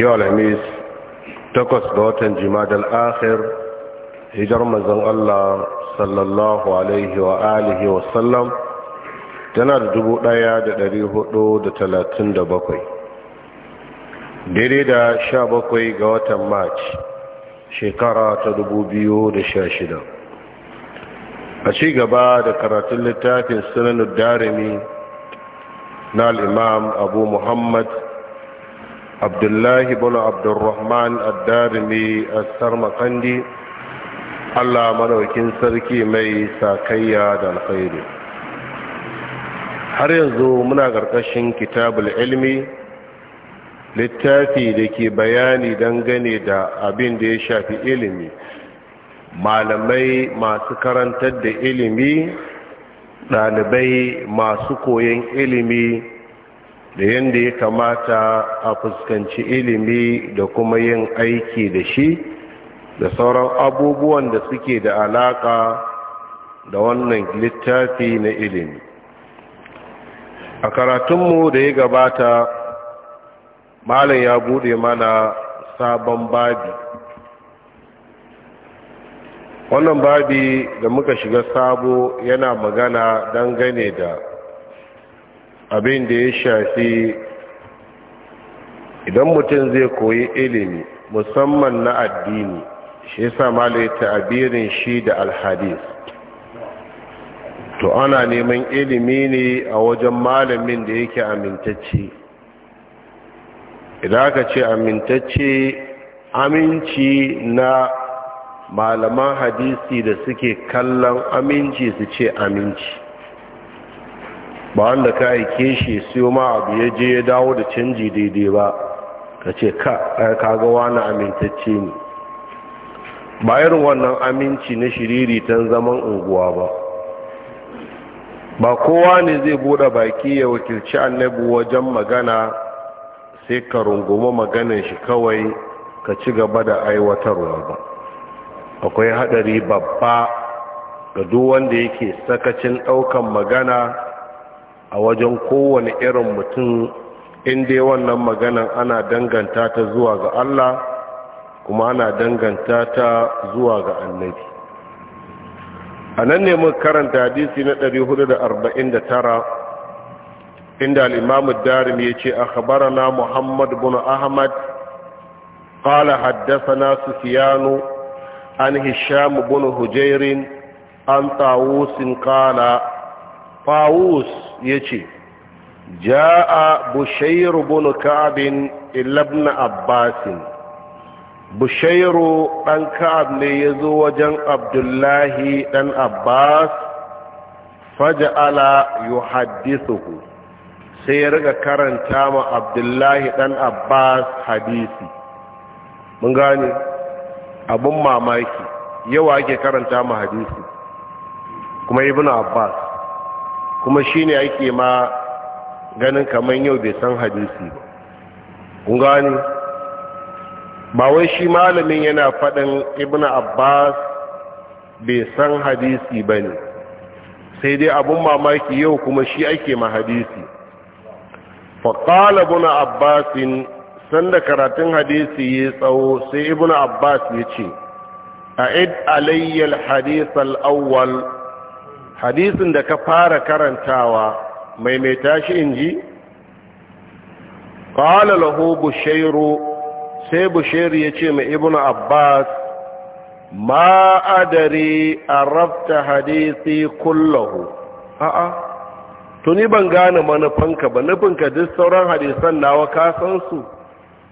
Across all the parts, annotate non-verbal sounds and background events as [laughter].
yau alhamis takwas ga watan jimadar akhir hijar mazan Allah sallallahu alaihi wa alihi wa sallam tana da dubu ɗaya da dari hudu da talatin da bakwai daidai da sha bakwai ga watan march shekara ta dubu biyu da sha shida a cigaba da karatun littafin sunanin darimi na al'imam abu muhammad abdullahi bin abdurrahman addarimi a makandi. allah madaukin sarki mai sakayya da alkhairi har yanzu muna ƙarƙashin kitabul ilmi littafi da ke bayani dangane da abin da ya shafi ilimi malamai masu karantar da ilimi ɗalibai masu koyon ilimi da yadda ya kamata a fuskanci ilimi da kuma yin aiki da shi da sauran abubuwan da suke da alaka da wannan littafi na ilimi a karatunmu da ya gabata malam ya bude mana sabon babi wannan babi da muka shiga sabo yana magana dangane da abin da ya shafi idan mutum zai koyi ilimi musamman na addini shi yasa malai ta'abirin shi da alhadis to ana neman ilimi ne a wajen malamin da yake amintacce idan aka ce amintacce aminci na malaman hadisi da suke kallon aminci su ce aminci ba wanda ka aike shi siyo ma abu ya je ya dawo da canji daidai ba ka ce ka kaga wani amintacce ne ba irin wannan aminci na shiriritan zaman unguwa ba ba kowa ne zai buɗe baki ya wakilci annabi wajen magana sai ka rungumi maganin shi kawai ka ci gaba da aiwatarwa ba akwai hadari babba ga duk wanda yake sakacin daukan magana a wajen kowane irin mutum inda wannan maganan ana danganta ta zuwa ga Allah kuma ana danganta ta zuwa ga annabi a nan ne mun karanta hadisi na 449 inda al imam darim ya ce akhbarana muhammad bin ahmad qala haddathana sufyanu عن هشام بن هجير عن طاووس قال طاووس يجي جاء بشير بن كعب إلا ابن عباس بشير بن كعب ليزو وجن عبد الله بن عباس فجعل يحدثه sai ya riga karanta ma abdullahi dan abbas hadisi mun gane abun mamaki yawa ake karanta mu hadisi kuma Ibn abbas kuma shine ake ma ganin kaman yau bai san hadisi ba kun gani ba wai shi malamin yana faɗin Ibn abbas bai san hadisi ba sai dai abun mamaki yau kuma shi ake ma hadisi faƙala buna abbasin sanda karatun hadisi ya tsawo sai ibn abbas ya ce a'id alayyal hadith al-awwal hadisin da ka fara karantawa mai mai tashi inji qala lahu bushayru sai bushayr ya ce mai ibn abbas ma adari arafta hadisi kullahu a'a tuni ban gane manufanka ba nufinka duk sauran hadisan nawa ka san su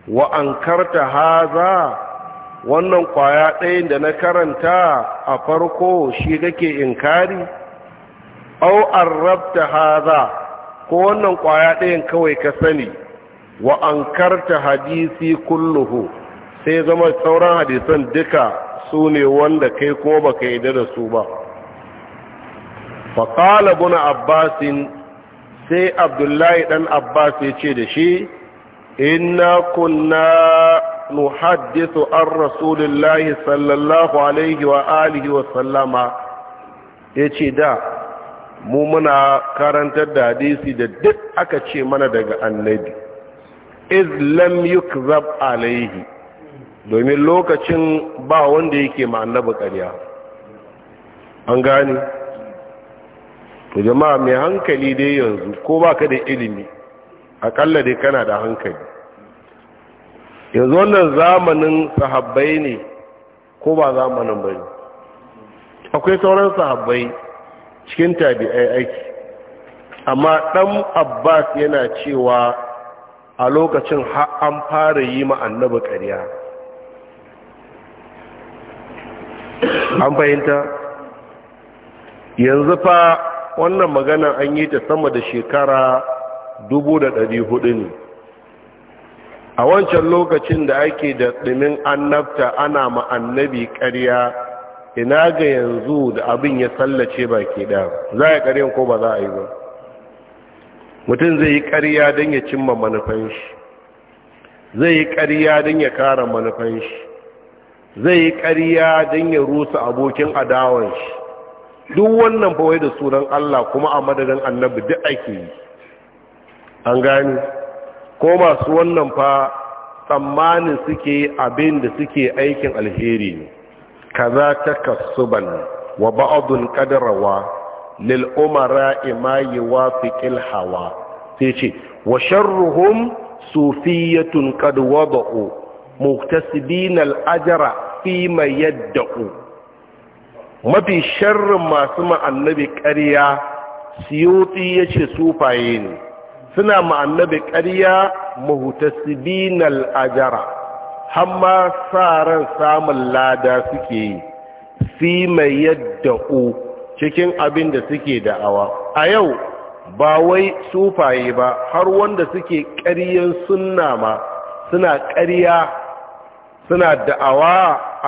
wa an karta haza wannan kwaya ɗayan da na karanta a farko shi kake inkari au an rabta haza ko wannan kwaya ɗayan kawai ka sani wa an karta hadisi kulluhu sai zama sauran hadisan duka su ne wanda kai ko ba ka yi da su ba faƙala buna abbasin sai abdullahi ɗan abbas ya ce da shi إنا كنا نحدث عن رسول الله صلى الله عليه وآله وسلم يتي دا mu muna karantar da hadisi da duk aka ce mana daga annabi iz lam yukzab alaihi domin lokacin ba wanda yake ma annabi ƙarya an gane to jama'a mai hankali dai yanzu ko baka da ilimi akalla dai kana da hankali yanzu wannan zamanin sahabbai ne ko ba zamanin bane akwai sauran sahabbai cikin tabi'ai aiki amma dan abbas yana cewa a lokacin har an fara yi ma annabi ƙarya an fahimta yanzu fa wannan magana an yi ta sama da shekara dubu da ɗari hudu ne a wancan lokacin da ake da ɗimin annabta ana ma annabi ƙarya ina ga yanzu da abin ya sallace baki ɗaya za a ƙaryan ko ba za a yi ba mutum zai yi ƙarya don ya cimma manufan shi zai yi ƙarya don ya kara manufan shi zai yi ƙarya don ya rusa abokin adawan shi duk wannan bawai da sunan Allah kuma a madadin annabi duk ake yi an gani ko masu wannan fa tsammanin suke abin da suke aikin alheri ne kaza ta kasuban wa ba'adun kadarawa, lil umara wa yuwafiqil hawa sai ce wa sharruhun sufiyatun kaduwa ba'o muktasibina al fi mai yadda yadda'u mafi sharrin masu ma'annabi ƙarya siyoti ce sufaye ne suna ma annabi ƙarya muhtasibin al'ajara hamma sa ran samun lada suke yi fi mai yadda u cikin abin da suke da'awa a yau ba wai sufaye ba har wanda suke ƙaryan sunna ma suna ƙarya suna da'awa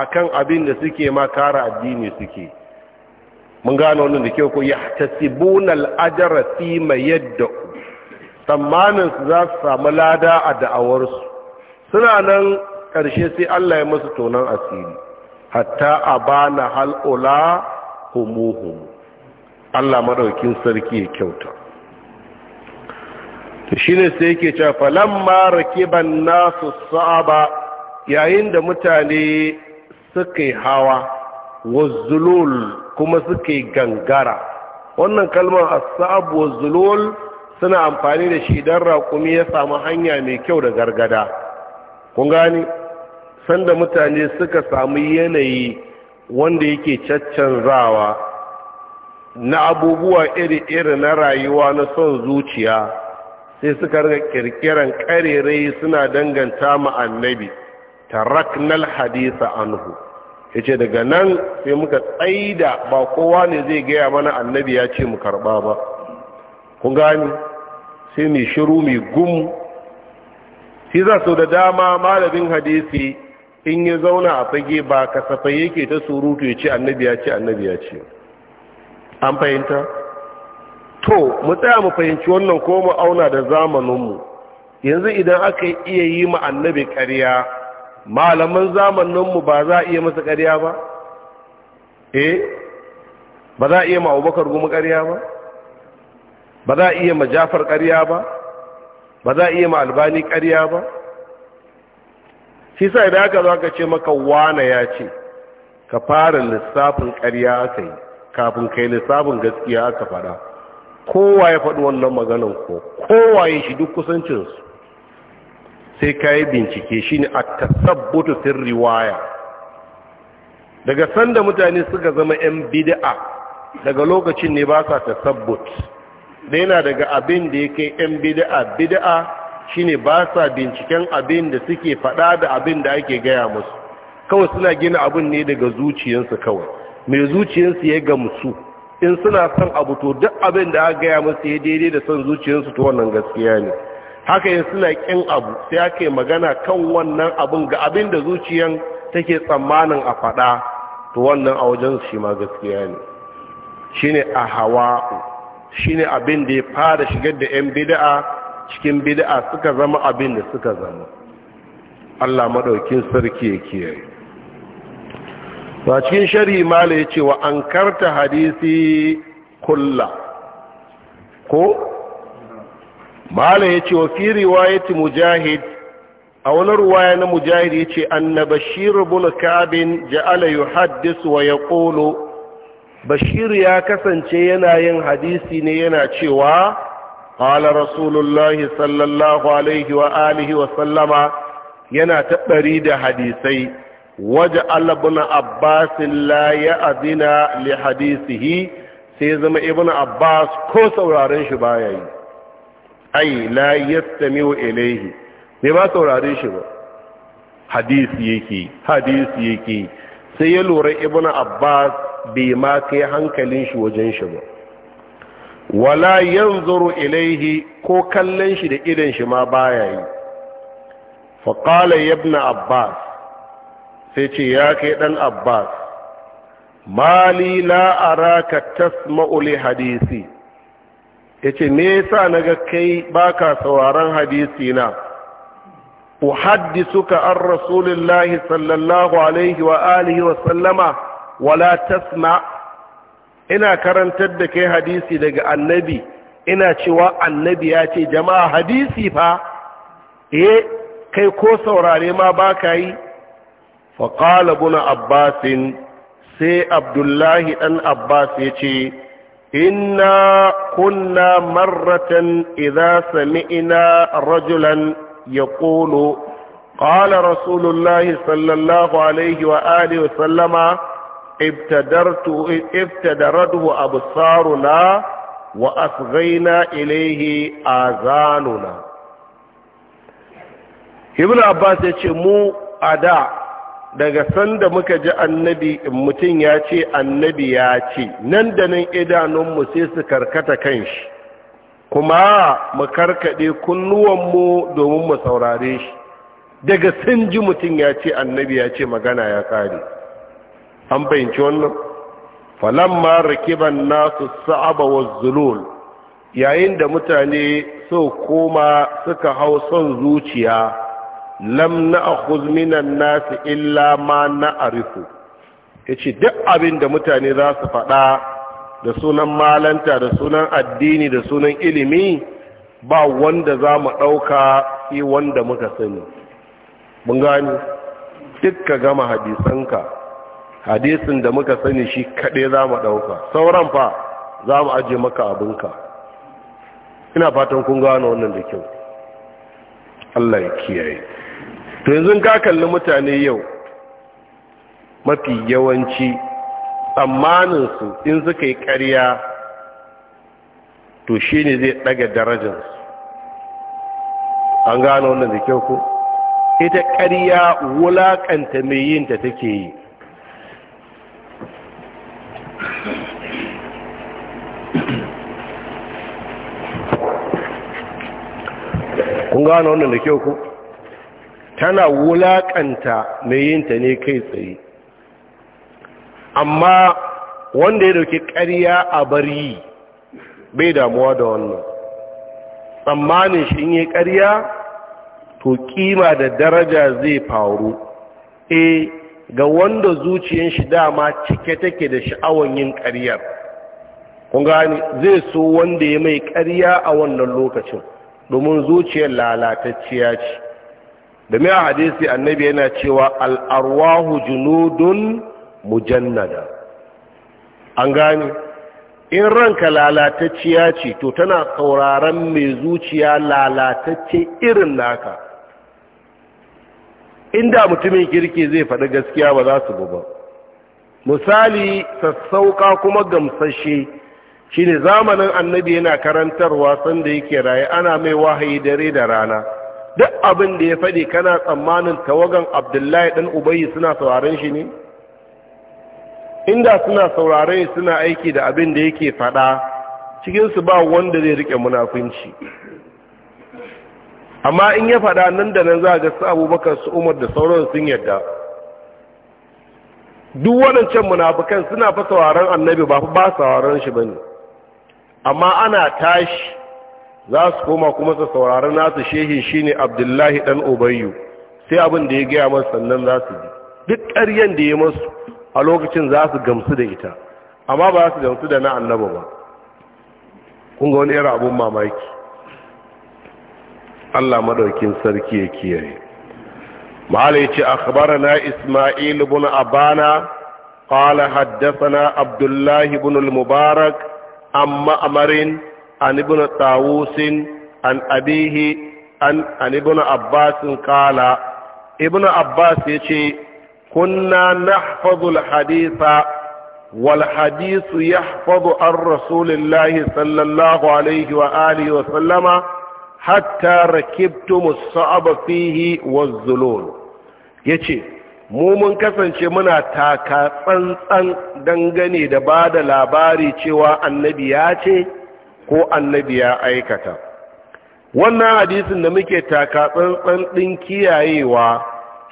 akan abin da suke ma kara addini suke mun gano wannan da kyau ko ya. al-ajra fi ma ku tsammanin su za su samu lada a da'awarsu suna nan ƙarshe sai Allah ya masu tonon asiri hatta a ba na hal'ula humuhumu Allah maɗaukin sarki ya kyauta ta shi ne sai yake cewa lamma rake ban nasu sa'aba yayin da mutane suka yi hawa wazulul kuma suka yi gangara wannan kalmar asabu wazulul suna amfani da shi don raƙumi ya samu hanya mai kyau da gargada kun gani sanda mutane suka samu yanayi wanda yake caccanzawa na abubuwa iri-iri na rayuwa na son zuciya sai suka rika kirkiran karerai suna danganta ma annabi taraknal hadisa anhu ya ce daga nan sai muka tsaida ba kowa ne zai gaya mana annabi ya ce mu karba ba kun gani sai mai shiru mai gum shi za su da dama malamin hadisi in ya zauna a fage ba kasafai yake ta surutu ya ce annabi ya ce annabi ya ce an fahimta to mu tsaya mu fahimci wannan ko mu auna da zamaninmu yanzu idan aka iya yi ma annabi karya malaman zamaninmu ba za a iya masa karya ba eh ba za a iya ma abubakar gumi ƙarya ba ba za a iya ma jafar ƙarya ba ba za a iya ma albani ƙarya ba shi sa idan aka zo aka ce maka wane ya ce ka fara lissafin ƙarya aka yi kafin kai lissafin gaskiya aka fada kowa ya faɗi wannan maganan ko kowa ya shi duk kusancinsu sai ka yi bincike shi ne a tasabbutu sirri waya daga sanda mutane suka zama 'yan bida'a daga lokacin ne ba sa tasabbutu da yana daga abin da ya kai 'yan bida'a bida'a shine ba sa binciken abin da suke faɗa da abin da ake gaya musu kawai suna gina abin ne daga zuciyarsu kawai mai zuciyarsu ya ga musu in suna son abu to duk abin da aka gaya musu ya daidai da son zuciyarsu to wannan gaskiya ne haka yin suna ƙin abu sai ake magana kan wannan abin ga abin da zuciyan take tsammanin a faɗa to wannan a wajen shi ma gaskiya ne shine a hawa'u shine abin da ya fara shigar da 'yan bida'a cikin bida'a suka zama abin da suka zama Allah maɗaukin sarki ya kiyaye ba cikin shari'i mala ya ce wa an karta hadisi kulla ko mala ya ce wa firi ya ti mujahid a wani ruwaya na mujahid ya ce annabashir bin kabin ja'ala yuhaddisu wa ƙolo bashir ya kasance yana yin hadisi ne yana cewa qala rasulullahi sallallahu alaihi wa alihi wa sallama yana taɓari da hadisai waje ibn abbas la ya azina li hadisihi sai zama ibn abbas ko sauraren shi baya yi ai la yastamiu ilaihi bai ba sauraren shi ba hadisi yake hadisi yake sai ya lura ibn abbas bai ma kai hankalin shi wajen shi ba wala yanzuru ilaihi ko kallon shi da idan shi ma baya yi faƙala yabna abbas sai ce ya kai ɗan abbas mali la'ara ka tasma'uli hadisi ya ce me yasa na ga kai baka sauraron hadisi na uhaddisuka an rasulillahi sallallahu alaihi wa alihi wa sallama wala tasma ina karantar da kai hadisi daga annabi ina cewa annabi ya ce jama'a hadisi fa eh kai ko saurare ma baka yi fa qala ibn sai abdullahi ɗan abbas yace inna kunna marratan idza sami'na rajulan ya qala rasulullahi sallallahu alaihi wa alihi wa sallama ابتدرته ابصارنا واصغينا wa اذاننا ابن azanuna yace abbas ya ce mu a da daga sanda muka ji annabi mutum yace annabi yace nan da nan idanunmu sai su karkata kanshi, kuma mu karkade kunnuwanmu domin mu saurare shi daga san ji mutum ya annabi yace magana ya kare an fahimci wannan falamma rakiban nasu sa'aba wa zulul yayin da mutane so koma suka hau son zuciya lam a minan nasu illa ma na'rifu yace duk abin da mutane za su faɗa da sunan malanta da sunan addini da sunan ilimi ba wanda za mu ɗauka sai wanda muka sani mun duk ka gama hadisanka hadisin da muka sani shi kaɗai za mu ɗauka sauran fa za mu aje maka abinka ina fatan kun gano wannan da kyau Allah ya kiyaye to yanzu ka kalli mutane yau mafi yawanci tsammanin su in suka yi ƙarya to shi ne zai ɗaga darajinsu an gano wannan da kyau ku ita ƙarya wulaƙanta mai yinta take yi kun gano wannan da kyau ku tana wulaƙanta mai yinta ne kai tsaye amma wanda ya dauki ƙarya a bari bai damuwa da wannan tsammanin shi in yi ƙarya to kima da daraja zai faru e ga wanda zuciyar shi dama cike take da sha'awan yin ƙaryar kun zai so wanda ya mai ƙarya a wannan lokacin domin zuciyar lalatacciya ce domin a hadisi annabi yana cewa al'arwahu junudun mujannada an gane in ranka lalatacciya ce to tana sauraron mai zuciya lalatacce irin naka inda mutumin kirki zai faɗi gaskiya ba za su ba ba. misali sassauka kuma gamsashe shine zamanin annabi yana karantarwa sanda yake raye ana mai wahayi dare da rana duk abin da ya faɗi kana tsammanin tawagan abdullahi ɗan ubayi suna sauraron shi ne inda suna sauraron suna aiki da abin da yake faɗa cikinsu ba wanda zai riƙe munafunci amma in ya faɗa nan da nan za ga su abubakar su umar da sauran sun yadda duk waɗancan munafukan suna fa sauraron annabi ba ba sauraron shi bane amma ana tashi za su koma kuma su saurari nasu shehi shine abdullahi dan ubayyu sai abin da ya gaya masu sannan za su ji duk ƙaryen da ya masu a lokacin za su gamsu da ita amma ba za su gamsu da na annaba ba kun ga wani irin abun mamaki Allah maɗaukin sarki ya kiyaye malai ce a na isma'il ibn abana ƙala Haddasa na Abdullahi al-mubarak amma amarin an ibn tawusin an abihi an an ibn abbas kala ibn abbas yace kunna nahfazul haditha wal hadithu yahfazu an rasulillahi sallallahu alaihi wa alihi wa sallama hatta rakibtum as-sa'aba fihi yace mu mun kasance muna taka tsantsan dangane da ba da labari cewa annabi ya ce ko annabi ya aikata wannan hadisin da muke taka tsantsan ɗin kiyayewa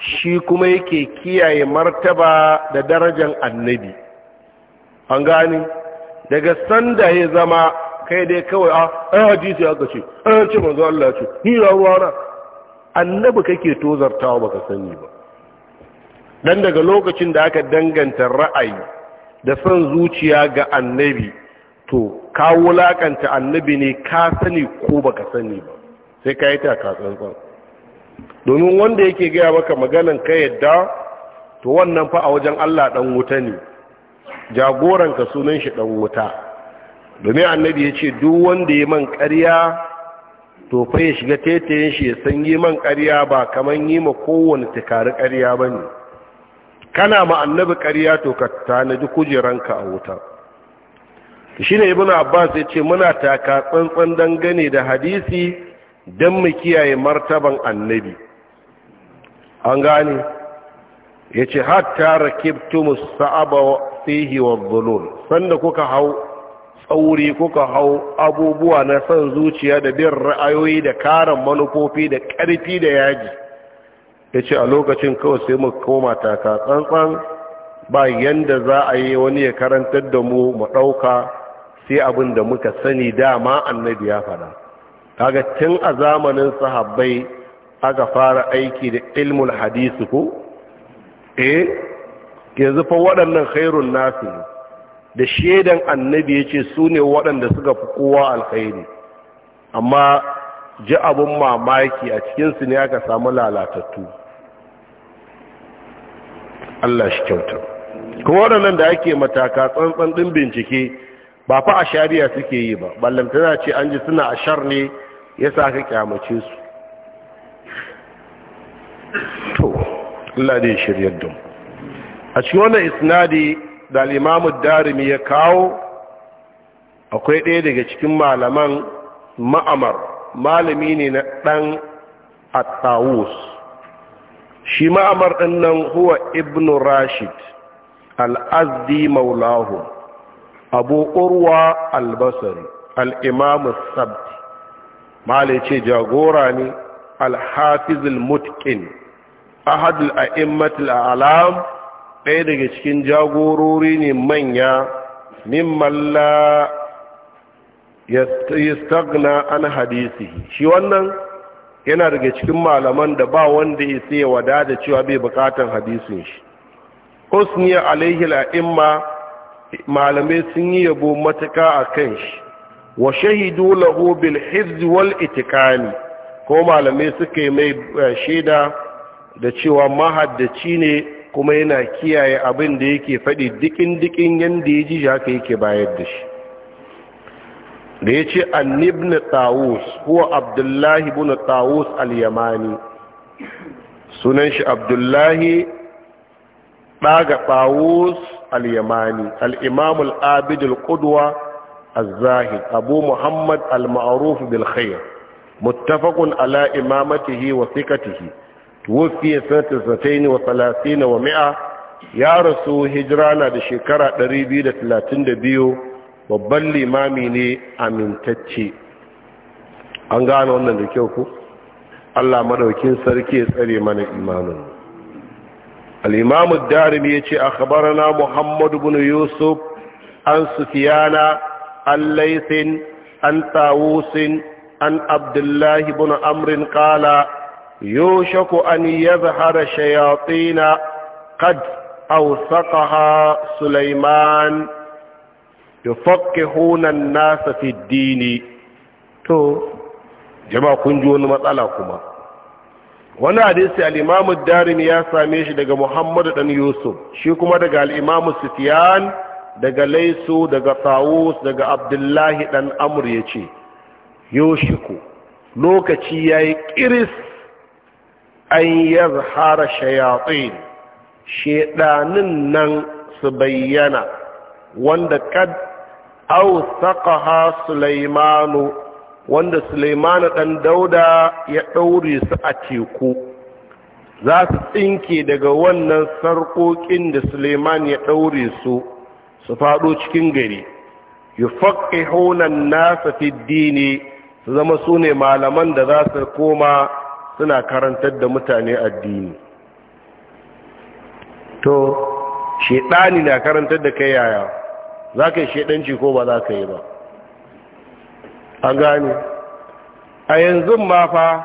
shi kuma yake kiyaye martaba da darajar annabi an gani daga sanda ya zama kai dai kawai a ah, ɗan hadisi aka ce ɗan ce manzo Allah ce ni ruwa na annabi kake tozartawa baka sani ba dan daga lokacin da aka danganta ra'ayi da son zuciya ga annabi to ka wulakanta annabi ne ka sani ko baka sani ba sai ka yi taka tsantsan domin wanda yake gaya maka maganan ka yadda to wannan fa a wajen Allah dan wuta ne ka sunan shi dan wuta domin annabi ya ce duk wanda ya man ƙarya to fa ya shiga tetayen shi ya san yi man ƙarya ba kaman yi ma kowane tukari ƙarya ba ne kana ma annabi ƙarya to ka tanaji kujeranka a wuta shi ne ibn abbas ya ce muna taka tsantsan dangane da hadisi don mu kiyaye martaban annabi an gane ya ce hatta rakibtumus sa'aba fihi wa zulul sanda kuka hau tsauri kuka hau abubuwa na son zuciya da bin ra'ayoyi da karan manufofi da ƙarfi da yaji ya ce a lokacin kawai sai mu koma taka tsantsan ba yanda za a yi wani ya karantar da mu mu ɗauka sai abin da muka sani dama annabi ya faɗa kaga tun a zamanin sahabbai aka fara aiki da ilmul hadisi ko eh Ke fa waɗannan khairun nasu da shaidan annabi ya ce su ne waɗanda suka fi kowa alkhairi amma ji abin mamaki a cikinsu ne aka samu lalatattu Allah shi kyauta kuma waɗannan da ake mataka tsantsan ɗin bincike ba fa a shari'a suke yi ba ballantana ce an ji suna a shar ne ya sa aka kyamace su to Allah dai shirya don. a cikin wannan isnadi da al'imamu darimi ya kawo akwai ɗaya daga cikin malaman ma'amar malami ne na ɗan attawus shi ma'amar ɗin nan huwa ibn rashid al'azdi maulahu abu urwa albasari al'imamu sabti malai ce jagora ne alhafizul mutkin ahadul a'immatul alam ɗaya daga cikin jagorori ne manya min malla yastagna an hadisihi shi wannan yana daga cikin malaman da ba wanda ya sai da cewa bai bukatan hadisin shi husniya alaihi la'imma malamai sun yi yabo matuka a kan shi wa shahidu lahu bil hizz wal itikani ko malamai suka yi mai eh, shaida da cewa mahaddaci ne kuma yana kiyaye abin da yake faɗi dikin dikin yanda ya ji haka yake bayar da shi da ya ce an ibn tawus huwa abdullahi bin tawus al-yamani sunan shi abdullahi ɗaga taus al-yamani al-imam al-abid al-qudwa az-zahid abu muhammad al-ma'ruf bil khair muttafaqun ala imamatihi wa thiqatihi tuwfiya sanata wa mi'a. ya rasu hijira na da shekara 232 babban limami ne amintacce an gano wannan da kyau ku Allah madaukin sarki ya tsare mana imanin al-imam ad-darimi yace akhbarana Muhammadu ibn yusuf an Sufiyana, al-laythin an tawusin an abdullah ibn amr qala يوشك an يظهر شياطين qad awsaqaha Sulaiman. yufaqihuna an-nasa fi ad-dini to jama'a kun ji wani matsala kuma wani hadisi al ad darimi ya same shi daga muhammadu dan yusuf shi kuma daga al imam sufyan daga laisu daga tawus daga abdullahi dan amr yace Yushiku lokaci yayi kiris an yazhara shayatin shedanin nan su bayyana wanda kad au saqaha sulaimanu wanda sulaimanu dan dauda ya daure su a teku za su tsinke daga wannan sarkokin da suleiman ya daure su su fado cikin gari yufaqihuna an-nasa fi dini su zama sune malaman da za su koma suna karantar da mutane addini to shedani na karantar da kai yaya za ka yi shaidanci ko ba za ka yi ba A gane a yanzu ma fa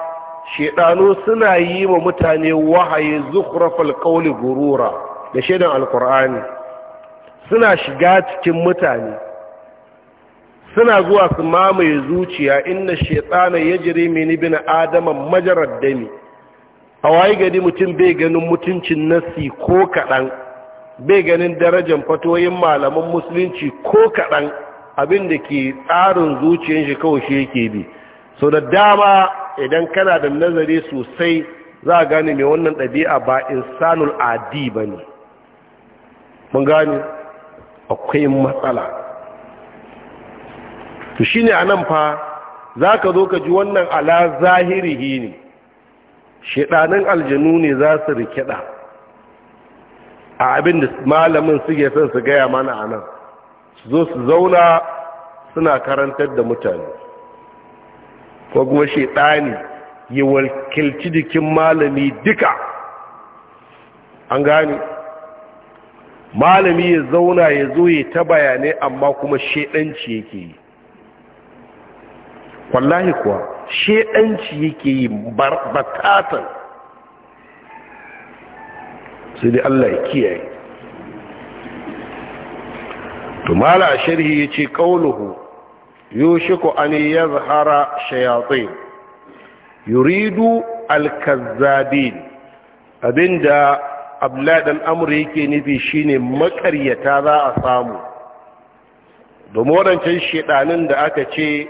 shaidanu suna yi wa mutane wahayi zukhrafal kauli gurura da shaidan alkur'ani suna shiga cikin mutane suna zuwa su mamaye zuciya inna shaitana yajri min bin adama majarar dami a waye gari mutum bai ganin mutuncin nasi ko kaɗan bai ganin darajar fatoyin malaman musulunci ko kaɗan abinda ke tsarin zuciyar shi kawai shi yake bi so da dama idan kana da nazari sosai za a gane mai wannan ɗabi'a ba insanul adi ba ne mun gane akwai matsala to shi ne a nan fa za ka zo ka ji wannan ala zahirihi ne aljanu ne za su rikida a abin da malamin suke son su gaya mana a nan su zo su zauna suna karantar da mutane ko kuma shaidani ya walkilci jikin malami duka an gane malami ya zauna ya zo ya ta bayanai amma kuma shaidanci yake yi wallahi kuwa shaidanci yake yi bakatan sai dai Allah ya kiyaye to mala a sharhi yace qauluhu yushiku an yazhara shayatin yuridu al abinda abladan amri yake nufi shine makaryata za a samu domin wadancan shedanin da aka ce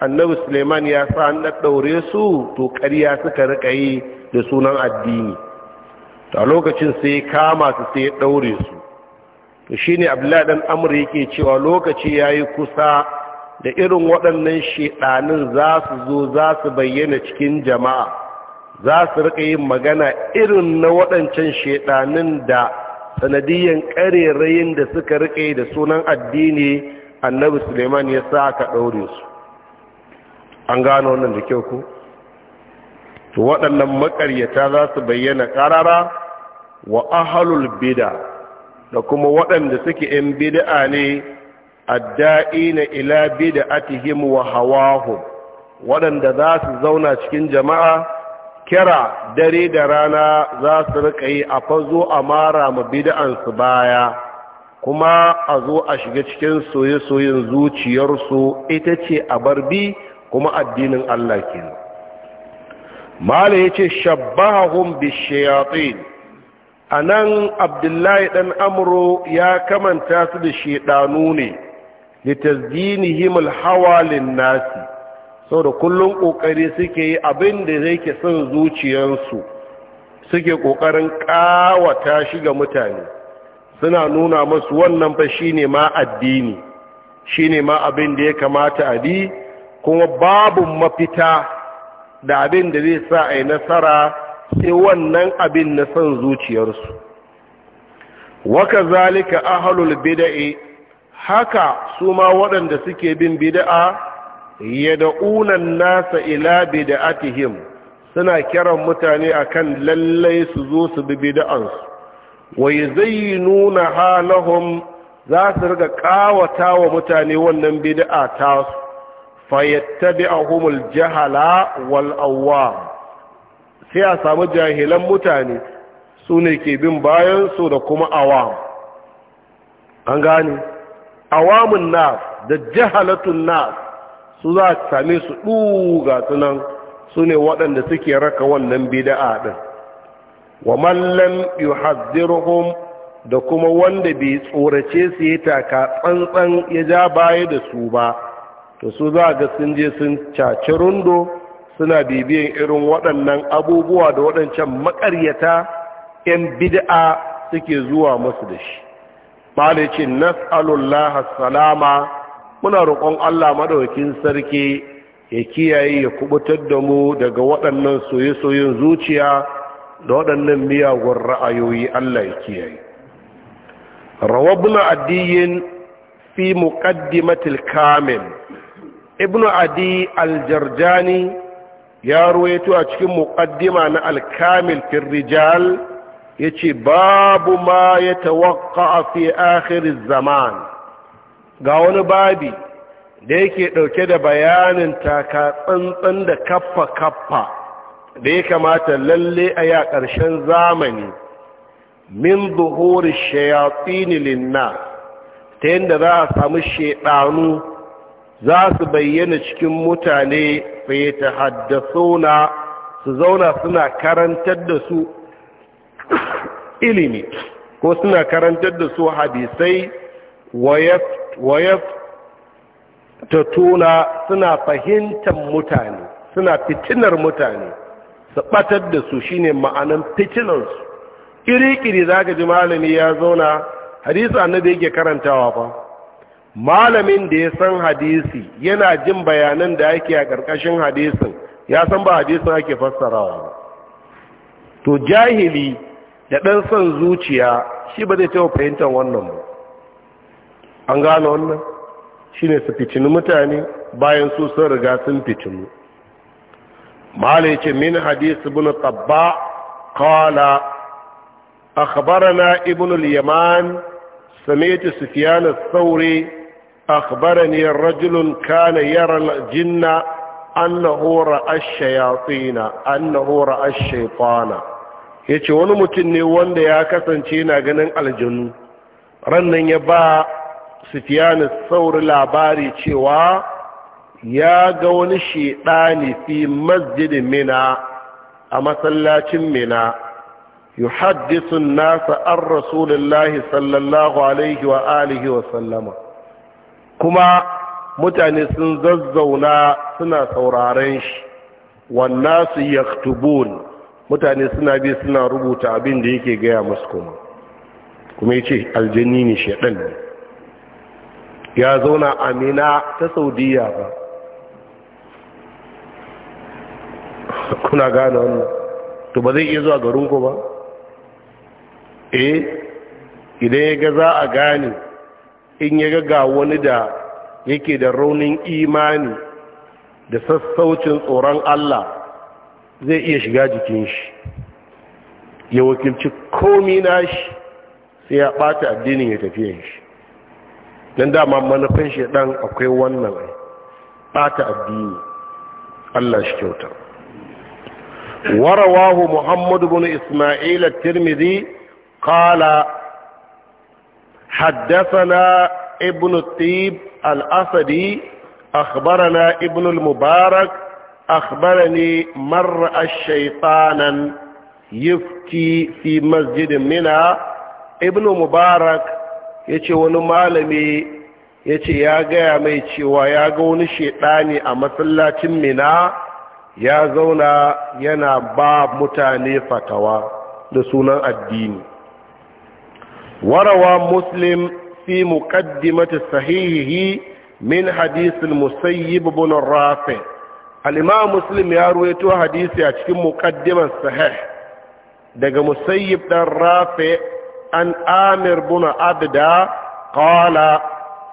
annabi suleiman ya sa an ɗaɗɗaure su to ƙarya suka riƙa yi da sunan addini ta lokacin sai kama su sai daure su to shine abdullahi dan amr yake cewa lokaci yayi kusa da irin waɗannan shedanin za su zo za su bayyana cikin jama'a za su rika yin magana irin na waɗancan shedanin da sanadiyyan ƙarerayin da suka rike da sunan addini annabi suleiman ya sa ka ɗaure su an gano wannan da kyau ku to waɗannan makaryata za su bayyana ƙarara wa ahalul bida da kuma waɗanda suke ‘yan bid'a ne adda'i na ila da wa hawahu waɗanda za su zauna cikin jama'a kira dare da rana za su riƙa yi a fazo a mara ma bida'ansu baya kuma a zo a shiga cikin soye-soyen zuciyarsu ita ce a barbi kuma addinin Allah kenan mala yace shabbahum bishayatin a nan abdullahi ɗan amuro ya kamanta su da shaidanu ne litasdinihim alhawa linnasi da kullum ƙoƙari suke yi abin da zai ke son zuciyarsu suke ƙoƙarin ƙawata shi ga mutane suna nuna masu wannan fa shine ma addini shine ma abin da ya kamata a bi kuma babu mafita da abin da zai sa a yi nasara sai wannan abin na son zuciyarsu waka zalika ahalul bida'i haka su ma waɗanda suke bin bida'a yada'unan nasa ila bida'atihim suna kiran mutane akan lallai su zo su bi bida'ansu wai zai nuna halahun za su riga kawata wa mutane wannan bida'a ta fayyattabi ahumul jahala wal awwa. sai a samu jahilan mutane su ne ke bin bayan su da kuma awam an gane awamun nas da jahalatun na su za a same su ɗuga sunan su ne waɗanda suke raka wannan bida'a ɗin wa mallan yuhaddirhum da kuma wanda bai tsorace su yi taka tsantsan ya ja baya da su ba to su za ga sun je sun caci rundo suna bibiyan irin waɗannan abubuwa da waɗancan makaryata 'yan bid'a suke zuwa musu da shi bada ce nas'alullah salama muna roƙon Allah madaukakin sarki ya kiyaye ya kubutar da mu daga waɗannan soye-soyen zuciya da waɗannan miyagun ra'ayoyi Allah ya kiyaye rawabna addiyin fi muqaddimatil kamil ibnu adi aljarjani ya ruwaito a cikin muqaddima na al-kamil fil rijal yace babu ma yatawaqqa fi akhir zaman ga wani babi da yake dauke da bayanin taka tsantsan da kaffa kaffa da ya kamata lalle a ya ƙarshen zamani min zuhuri shayatin linna, ta yadda za a samu shedanu za su bayyana cikin mutane fiye ta haddasona su zauna suna karantar da su ilimi ko suna karantar da su hadisai wayaf ta tuna suna fahimtar mutane suna fitinar mutane su batar da su shine ma'anan fitinansu. iri-iri za ji malami ya zauna hadisa annabi yake karantawa fa malamin da ya san hadisi yana jin bayanan da ake a ƙarƙashin hadisin ya san ba hadisin ake fassarawa ba to jahili da ɗan son zuciya shi ba zai taɓa fahimtar wannan ba an gano wannan shi ne su fitini mutane bayan su sun riga sun fitinu malai ce min hadisi bin tabba kala akhbarana ibn al-yaman سمعت سفيان الثوري أخبرني رجل كان يرى الجن أنه رأى الشياطين أنه رأى الشيطان yace wani mutum ne wanda ya kasance yana ganin aljinu. rannan ya ba sufiyanu sauri labari cewa ya ga wani shaidani fi masjidin mina a masallacin mina yuhaddisun nasa an rasulullahi sallallahu alaihi wa alihi wa sallama kuma mutane sun zazzauna suna sauraren shi wannan su yaktubun mutane suna bi suna rubuta abin da yake gaya musu kuma kuma yace aljanni ne shedan ne ya zauna amina ta saudiya ba kuna gane wannan to ba zai iya zuwa ku ba eh idan ya ga za a gane in ya ga wani da yake da raunin imani da sassaucin tsoron Allah zai iya shiga jikin shi ya wakilci komi nashi sai ya ɓata addinin ya tafiye shi don dama manufan shi ɗan akwai wannan ɓata addini Allah shi kyauta warawahu muhammadu bin isma'ila tirmidhi kala. حدثنا ابن الطيب الأسدي أخبرنا ابن المبارك أخبرني مر الشيطانا يفتي في مسجد منى ابن مبارك yace wani malami yace ya gaya mai cewa ya ga wani shaidani a masallacin mina ya zauna yana ba mutane fatawa da sunan addini وروى مسلم في مقدمة صحيحه من حديث المسيب بن الرافع الإمام مسلم تو حديث أتكلم مقدمة صحيح دقى مسيب بن الرافع عن آمر بن عبدا قال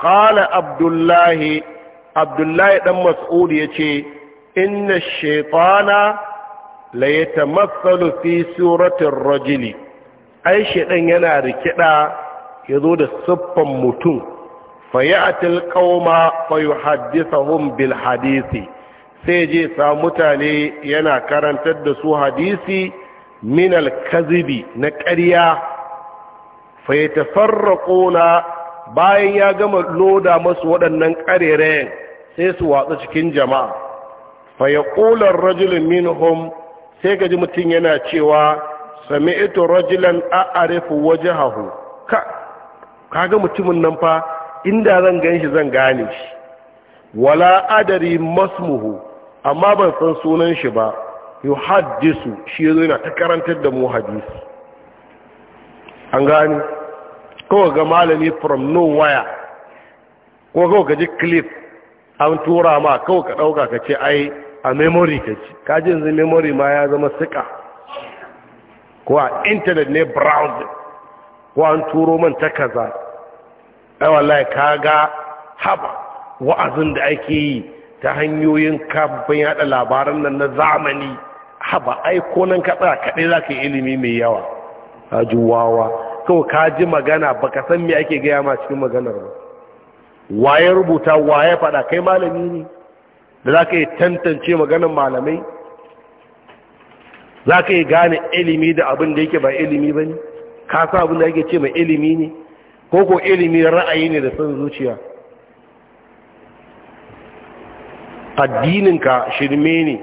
قال عبد الله عبد الله بن مسعود يتي إن الشيطان ليتمثل في سورة الرجل ai shedan yana rikida zo da siffan mutum fayatil qauma fayuhaddithuhum bil hadisi sai je sa mutane yana karantar da su hadisi min al kazibi na ƙarya fayatafarraquna bayan ya gama loda masu waɗannan ƙarerayen sai su watsa cikin jama'a ar-rajulu minhum sai gaji mutum yana cewa sami'tu rajulan a'rifu wajhahu ka kaga mutumin nan fa inda zan ganshi zan gane shi wala adari masmuhu amma ban san sunan shi ba yuhaddisu shi yazo yana ta karantar da mu hadisi an gane kawai ga malami from nowhere ko kawai kaji clip an tura ma kawai ka ɗauka ka ce ai a memory ka ci kajin zai memory ma ya zama sika ko a intanet ne browsing ko an turo man ta kaza ai wallahi kaga haba wa'azin da ake yi ta hanyoyin kafin yada labaran nan na zamani haba ai ko nan ka tsaya kaɗai zaka yi ilimi mai yawa ka ji wawa kawai ka ji magana baka san me ake gaya ma cikin maganar ba waye rubuta waye faɗa kai malami ne da zaka ka yi tantance maganar malamai za ka yi gane ilimi da abin da yake ba ilimi ba ne ka sa abin da yake ce mai ilimi ne ko ko ilimi ra'ayi ne da son zuciya addininka shirme ne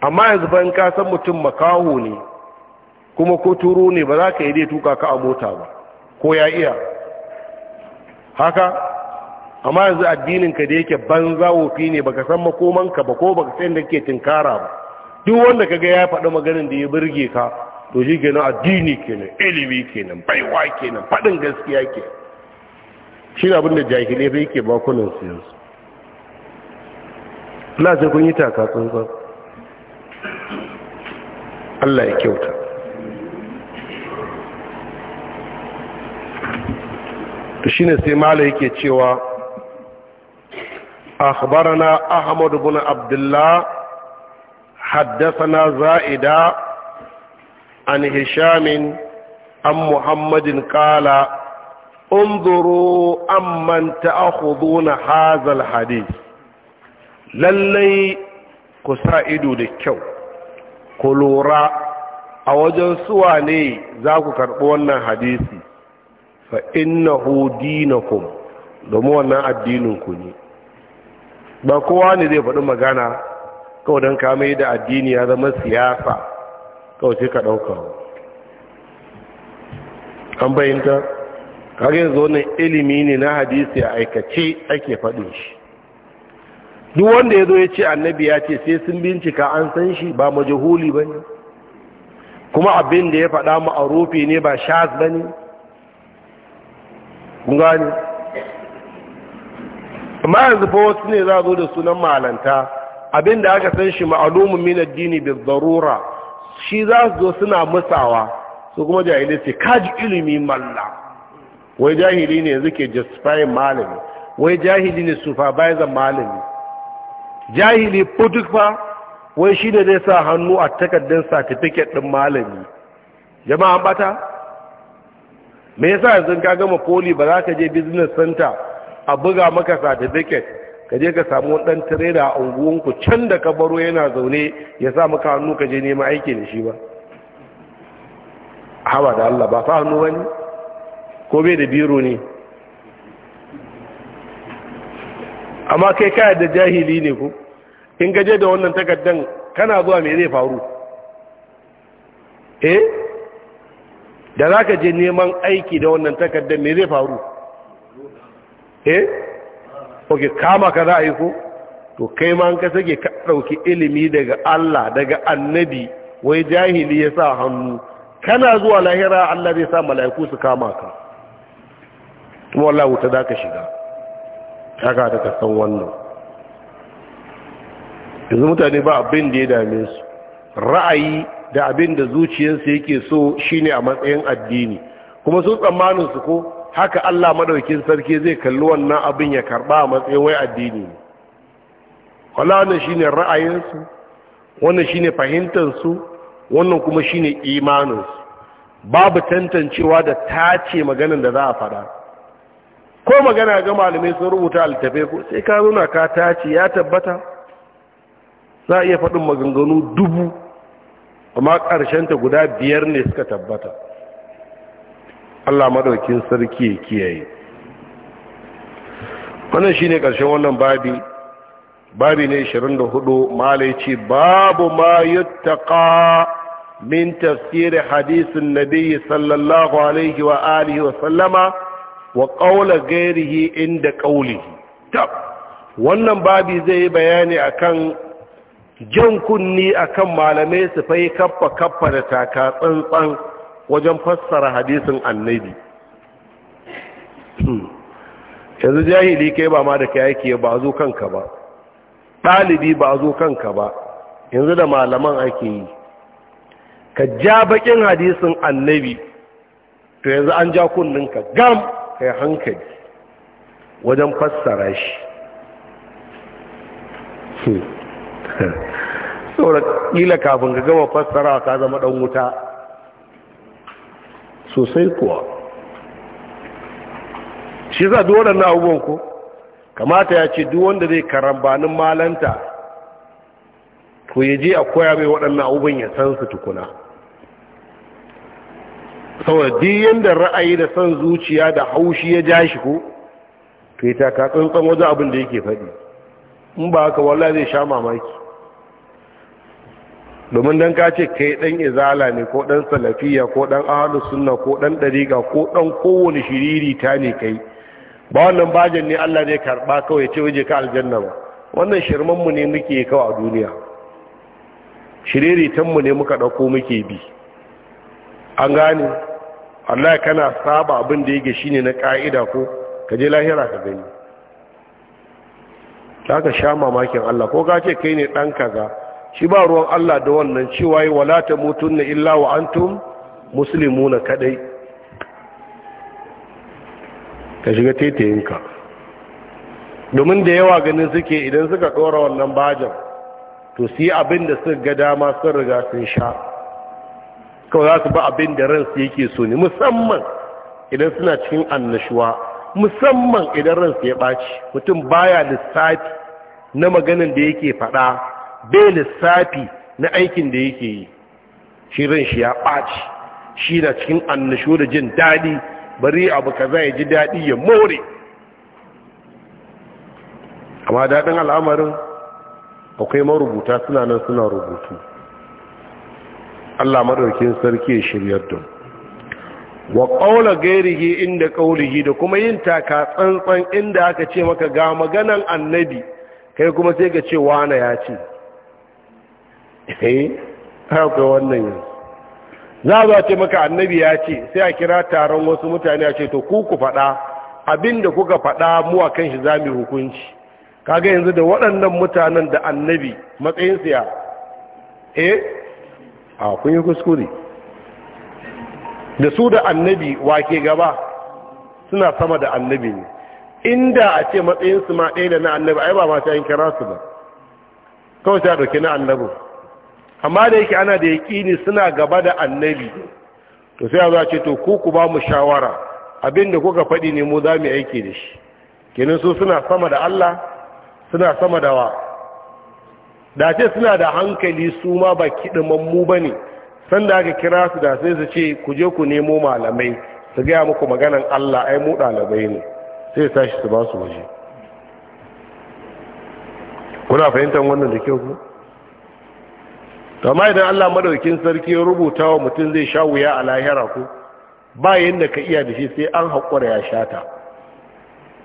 amma yanzu ban ka san mutum makaho ne kuma ko turo ne ba za ka yi dai tuka ka a mota ba ko ya iya haka amma yanzu addininka da yake banza wofi ne baka san makomanka ba ko ba ka san da ke tinkara ba duk wanda kaga ya faɗi maganin da ya burge ka to shi kenan addini kenan ilimi kenan baiwa kenan faɗin gaskiya ke shi abin da jahilai bai ke bakunan su yanzu na sai kun yi taka tsantsan Allah ya kyauta to shine sai mala yake cewa akhbarana ahmad ibn abdullah حدثنا زائدة عن هشام عن محمد قال انظروا أمن تأخذون هذا الحديث للي كسائدوا للكو كلورا a wajen su wane za ku karɓi wannan hadisi fa innahu dinakum domin wannan addininku ne ba kowa ne zai faɗi magana kawai don kama yi da addini ya zama siyasa kawai sai ka ɗauka an bayinta kare zo wannan ilimi ne na hadisi a aikace ake faɗin shi duk wanda ya zo ya ce annabi ya ce sai sun bincika an san shi ba majahuli ba ne kuma abin da ya faɗa mu a rufe ne ba shaz ba ne gani amma yanzu fa wasu ne za zo da sunan malanta abin da aka san shi ma'alumin min addini bi zarura shi za su zo suna musawa su kuma jahili ce kaji ilimi malla wai jahili ne yanzu ke justify malami wai jahili ne supervisor malami jahili putuk fa wai shi ne zai sa hannu a takardar certificate din malami jama'an bata me yasa yanzu ka gama poli ba za ka je business center a buga maka certificate ka je ka samu ɗan tireda a unguwanku can da ka baro yana zaune ya sa maka hannu ka je neman aiki da shi ba hawa da Allah ba fa hannu ba ne? ko bai da biro ne amma kai kayar da jahili ne ku? in gaje da wannan takaddan kana zuwa me zai faru eh da za ka je neman aiki da wannan takardan, me zai faru eh oke kama ka za a yi ko to kai ma ka sake ka ɗauki ilimi daga Allah daga annabi wai jahili ya sa hannu kana zuwa lahira Allah zai sa mala'iku su kama ka kuma wallahu ta za ka shiga haka da ka san wannan yanzu mutane ba abin da ya dame su ra'ayi da abin da zuciyarsu yake so shine a matsayin addini kuma sun tsammanin su ko haka Allah maɗaukin sarki zai kalli wannan abin ya karba a matsayin wai addini ne wala wannan shine ra'ayinsu wannan shine fahimtansu wannan kuma shine imaninsu babu tantancewa da tace maganar da za a faɗa ko magana ga malamai sun rubuta altafe ko sai ka zo na ka tace ya tabbata za a iya faɗin maganganu dubu amma ƙarshenta guda biyar ne suka tabbata Allah madaukin sarki ya kiyaye wannan shine karshen wannan babi babi ne 24 malai ce babu ma yuttaqa min tafsir hadisin nabi sallallahu alaihi wa alihi wa sallama wa qawla ghairihi inda qawlihi tab wannan babi zai bayani akan jan kunni akan malamai su fai kaffa kaffa da taka tsantsan wajen fassara hadisin annabi yanzu jahili kai ba ma da kai yake ba zo kanka ba ɗalibi ba zo kanka ba yanzu da malaman ake yi ka ja bakin hadisin annabi to yanzu an ja kunninka gam kai hankali wajen fassara shi hmm. [laughs] saboda ƙila kafin ka gama fassara ka zama ɗan wuta sosai kuwa shi za duk waɗannan abubuwan ku kamata ya ce duk wanda zai karambanin malanta to ya je a koya mai waɗannan abubuwan ya san su tukuna saboda duk yadda ra'ayi da son zuciya da haushi ya ja shi ko to ya ka tsantsan wajen abin da yake faɗi in ba haka wallah zai sha mamaki domin don ka ce kai dan izala ne ko dan salafiya ko dan ahlus sunna ko dan dariqa ko dan kowane shiriri ta ne kai ba wannan bajin ne Allah zai karba kawai ce waje ka aljanna ba wannan shirman mu ne muke kawo a duniya shiriri tan mu ne muka dauko muke bi an gane Allah kana saba abin da yake shine na ka'ida ko ka je lahira ka gani ka sha mamakin Allah ko ka ce kai ne dan kaza shi ba ruwan Allah da wannan cewa yi wala ta na illa wa musulmi na kadai ka shiga tetayinka domin da yawa ganin suke idan suka ɗora wannan bajan to su yi abin da suka ga dama sun riga sun sha kawai za su ba abin da ransu yake so ne musamman idan suna cikin annashuwa musamman idan ransu ya ɓaci mutum baya lissafi na maganin da yake faɗa bai lissafi na aikin da yake yi shi ran shi ya ɓaci shi na cikin annashu da jin daɗi bari abu ka ya ji daɗi ya more amma daɗin al'amarin akwai marubuta suna nan suna rubutu Allah maɗaukin sarki ya shiryar don wa ƙaula gairigi inda ƙaulihi da kuma yin taka tsantsan inda aka ce maka ga maganan annabi kai kuma sai ga ce wane ya ce Eh, haka wannan yanzu za a ce maka annabi ya ce sai a kira taron wasu mutane a ce to ku ku faɗa abinda kuka faɗa mu a kan shi za mu hukunci kaga yanzu da waɗannan mutanen da annabi matsayin siya eh a kun yi kuskure da su da annabi wake gaba suna sama da annabi ne inda a ce matsayin su ma ɗaya da na annabi ai ba ma ta yin kira su ba kawai ta ɗauki na annabin amma da yake ana da yaƙini suna gaba da annabi to sai a ce to ku ku ba mu shawara abinda kuka faɗi ne mu za mu aiki da shi kenan su suna sama da Allah suna sama da wa da ce suna da hankali su ma ba mu ba ne sanda aka kira su da sai su ce ku je ku nemo malamai su gaya muku maganan Allah ai mu ɗalibai ne sai tashi su ba su waje kuna fahimtar wannan da kyau ku to amma idan Allah madaukakin sarki ya rubuta wa mutum zai sha wuya a lahira ko ba yanda ka iya da shi sai an haƙura ya shata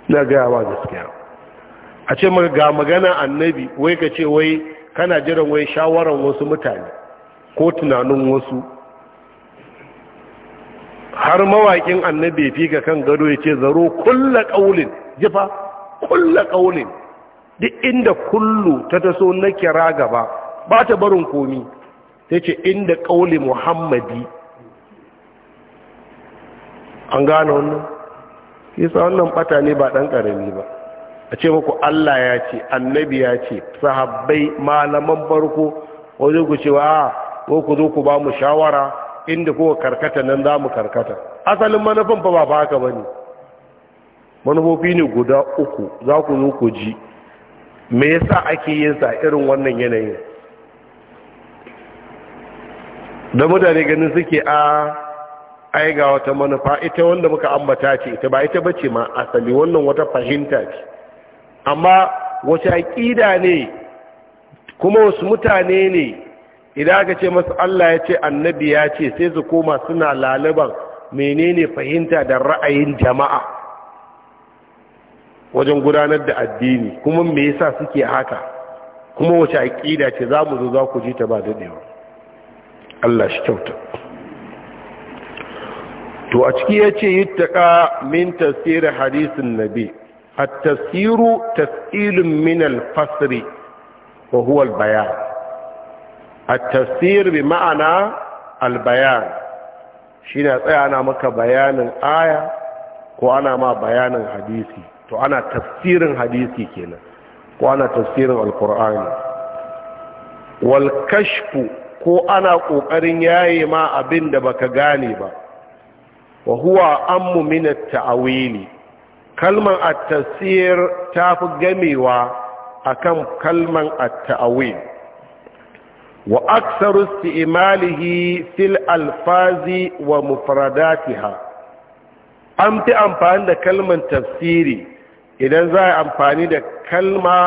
na gaya wa gaskiya a ce maka ga magana annabi wai ka ce wai kana jiran wai shawaran wasu mutane ko tunanin wasu har mawaƙin annabi fi ga kan gado ya ce zaro kulla ƙaunin, jifa kulla ƙaunin. duk inda kullu ta taso na kira gaba ba ta barin komi sai ce inda ƙauli muhammadi an gane wannan kisa wannan bata ne ba dan karami ba a ce muku allah ya ce annabi ya ce sahabbai malaman barko wajen ku cewa ko ku zo ku ba mu shawara inda kowa karkata nan za mu karkata asalin manufan fa ba fa haka ba ne manufofi ne guda uku za ku zo ku ji me yasa ake yin sa irin wannan yanayin da mutane ganin suke a ai wata manufa ita wanda muka ambata ce ita ba ita bace ma asali wannan wata fahimta ce amma wace aqida ne kuma wasu mutane ne idan aka ce masu Allah ya ce annabi ya ce sai su koma suna laliban menene fahimta da ra'ayin jama'a wajen gudanar da addini kuma me yasa suke haka kuma wace aqida ce za mu zo za ku ji ta ba daɗewa. Allah shi kyauta to a ciki ya ce yittaka min tasiri hadisin nabi a tasiru tasilin min alfasri wa huwa albayan a tasir bi ma'ana albayan shi na tsaya ana maka bayanin aya ko ana ma bayanin hadisi to ana tafsirin hadisi kenan ko ana tasirin alkur'ani wal kashfu ko ana ƙoƙarin yaye ma abin da baka gane ba wa huwa ammu min at-ta'wili kalman at-tafsir fi gamewa akan kalman at-ta'wil wa aktsaru isti'malihi fil alfazi wa mufradatiha an fi amfani da kalman tafsiri idan za a amfani da kalma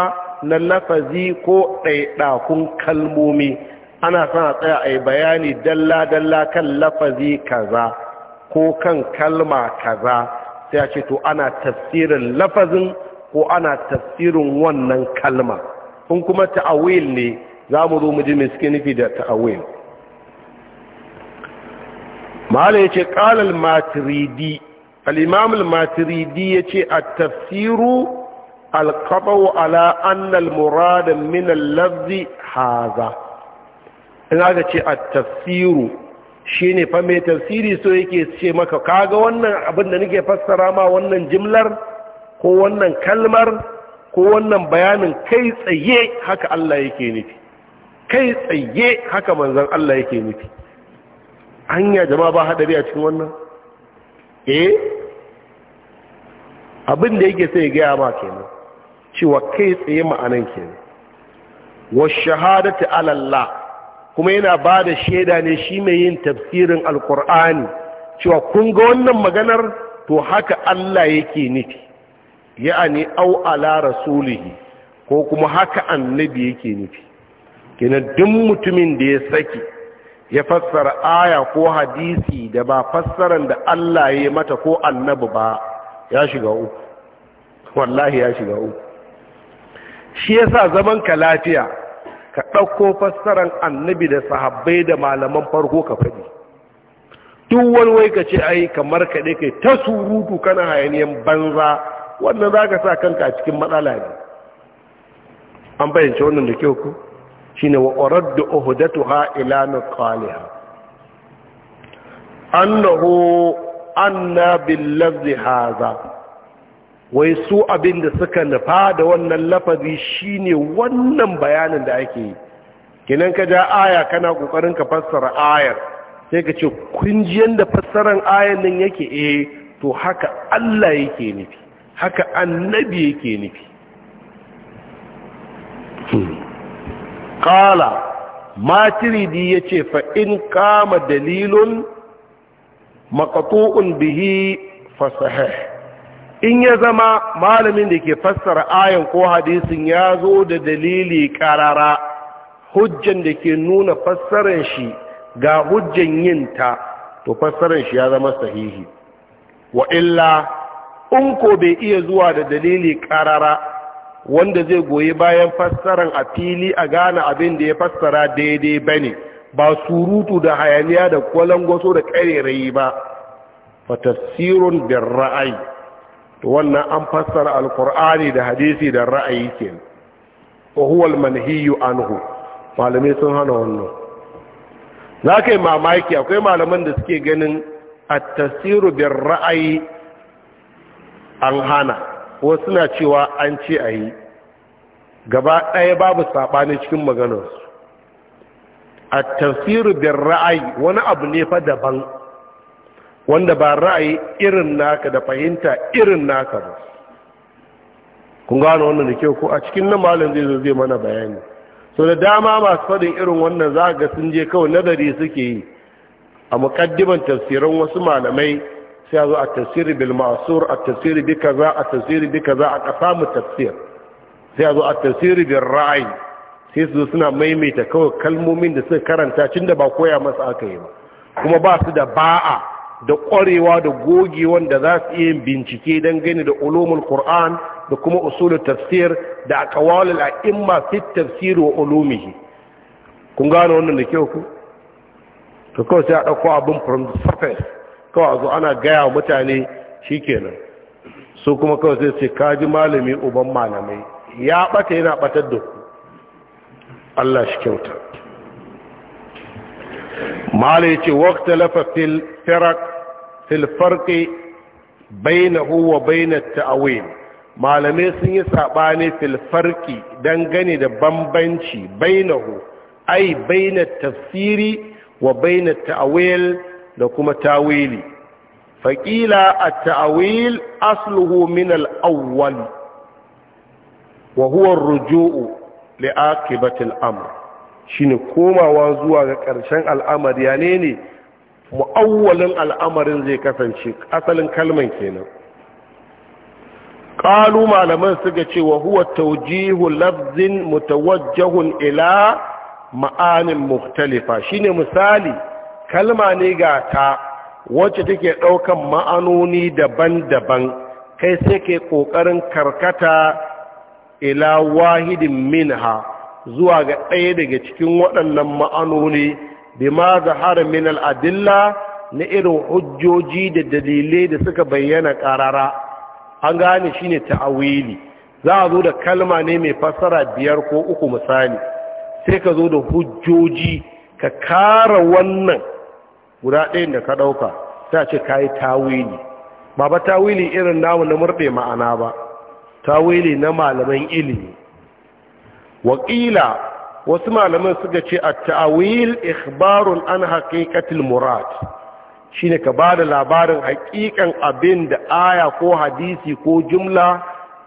na lafazi ko ɗaiɗakun kalmomi ana son a tsaya a yi bayani dalla-dalla kan lafazi kaza ko kan kalma kaza sai ce to ana tafsirin lafazin ko ana tafsirin wannan kalma kun kuma ta'awil ne za mu zo mu ji miski nufi da ta'awil mahala ya ce ƙalal matiridi al'imamul matiridi ya ce a tafsiru alkaɓau ala annal muradin minan lafzi haza ina ga ce a tafsiru shi ne fa mai tafsiri so yake ce maka kaga wannan abin da nake fassara ma wannan jimlar ko wannan kalmar ko wannan bayanin kai tsaye haka Allah yake nufi kai tsaye haka manzan Allah yake nufi hanya jama'a ba hadari a cikin wannan eh abin da yake sai gaya ma kenan cewa kai tsaye ma'anan kenan wa shahadatu ala Allah kuma yana ba da shaida ne shi mai yin tafsirin alkur'ani cewa kun ga wannan maganar to haka Allah yake nufi ya'ani au ala rasulihi ko kuma haka annabi yake nufi kina duk mutumin da ya saki ya fassara aya ko hadisi da ba fassaran da Allah ya mata ko annabi ba ya shiga uku wallahi ya shiga uku shi yasa zaman ka lafiya ka ɗauko fassarar annabi da sahabbai da malaman farko ka faɗi duk wani wai ka ce ai kamar ka ɗai kai ta surutu kana hayaniyan banza wannan za ka sa kanka a cikin matsala ne an bayyance wannan da kyau ku shi ne wa ƙorar da ohudatu ha ilanin kwaliya annahu anna billazzi haza wai su abin da suka nufa da wannan lafazi ne wannan bayanin da ake yi kinan ka ja aya kana kokarin ka fassara ayar sai ka ce kun ji fassaran ayar nan yake eh to haka Allah yake nufi haka annabi yake nufi hmm. qala matiridi yace fa in kama dalilun maqtu'un bihi fa in ya zama malamin da ke fassara ayan ko hadisin ya zo da dalili karara hujjan da ke nuna fassaran shi ga hujjan yin ta to fassaran shi ya zama sahihi wa illa in ko bai iya zuwa da dalili karara wanda zai goyi bayan fassaran a fili a gane abin da ya fassara daidai bane ba surutu da hayaniya da kwalangwaso da karerayi ba fa tafsirun bin ra'ayi wannan an fassara alkur'ani da hadisi da ra'ayi ke ko huwa almanhiyu anhu malamai sun hana wannan za ka yi mamaki akwai malaman da suke ganin at-tasiru bin ra'ayi an hana wasu suna cewa an ce a gaba ɗaya babu saɓani cikin maganarsu at-tasiru bin ra'ayi wani abu ne fa daban wanda ba ra'ayi irin naka da fahimta irin naka ba kun gano wannan da kyau ko a cikin nan malam zai zo zai mana bayani so da dama masu fadin irin wannan za ga sun je kawai nazari suke yi a muqaddiman tafsirin wasu malamai sai a zo a tafsiri bil ma'sur a tafsiri bi kaza a tafsiri bi kaza a mu tafsir sai a zo a tafsiri bil ra'ayi sai su suna maimaita kawai kalmomin da suka karanta tunda ba koya masa aka yi ba kuma ba su da ba'a da ƙwarewa da gogewan da za su iya bincike don gani da ulumul qur'an da kuma usulun tafsir da a in masu tafsir wa ulumihi kun gano wannan da kyau ku to kawai sai a ɗauko abin from the surface a zo ana gaya wa mutane shi shikenan su kuma kawai sai ka kaji malami uban malamai ya ɓata yana ɓatar da ku Allah shi kyauta مالي چه وقت لف في الفرق في الفرق بينه وبين التأويل مالمي سنية سعباني في الفرق دنگني دا بمبنشي بينه أي بين التفسير وبين التأويل لكم تأويلي فقيل التأويل أصله من الأول وهو الرجوع لآقبة الأمر shine komawa zuwa ga ƙarshen al'amari ya ne ne mu'awwalin al'amarin zai kasance asalin kalman kenan ƙalu malaman suka ce wa huwa taujihu lafzin mutawajjahun ila ma'anin mukhtalifa shine misali kalma ne ga ta wacce take ɗaukan ma'anoni daban-daban kai sai ke ƙoƙarin karkata ila wahidin minha zuwa ga ɗaya daga cikin waɗannan ma'anoni bima zahara min al'adilla na irin hujjoji da dalilai da suka bayyana ƙarara an gane shi ne ta'awili za a zo da kalma ne mai fassara biyar ko uku misali sai ka zo da hujjoji ka kara wannan guda ɗayan da ka ɗauka ta ce ka yi tawili ba ba tawili irin namu na murɗe ma'ana ba tawili na malaman ilimi waƙila wasu malaman suka ce a ta'awil ikhbarun an haƙiƙatil murad shine ka ba da labarin haƙiƙan abin da aya ko hadisi ko jumla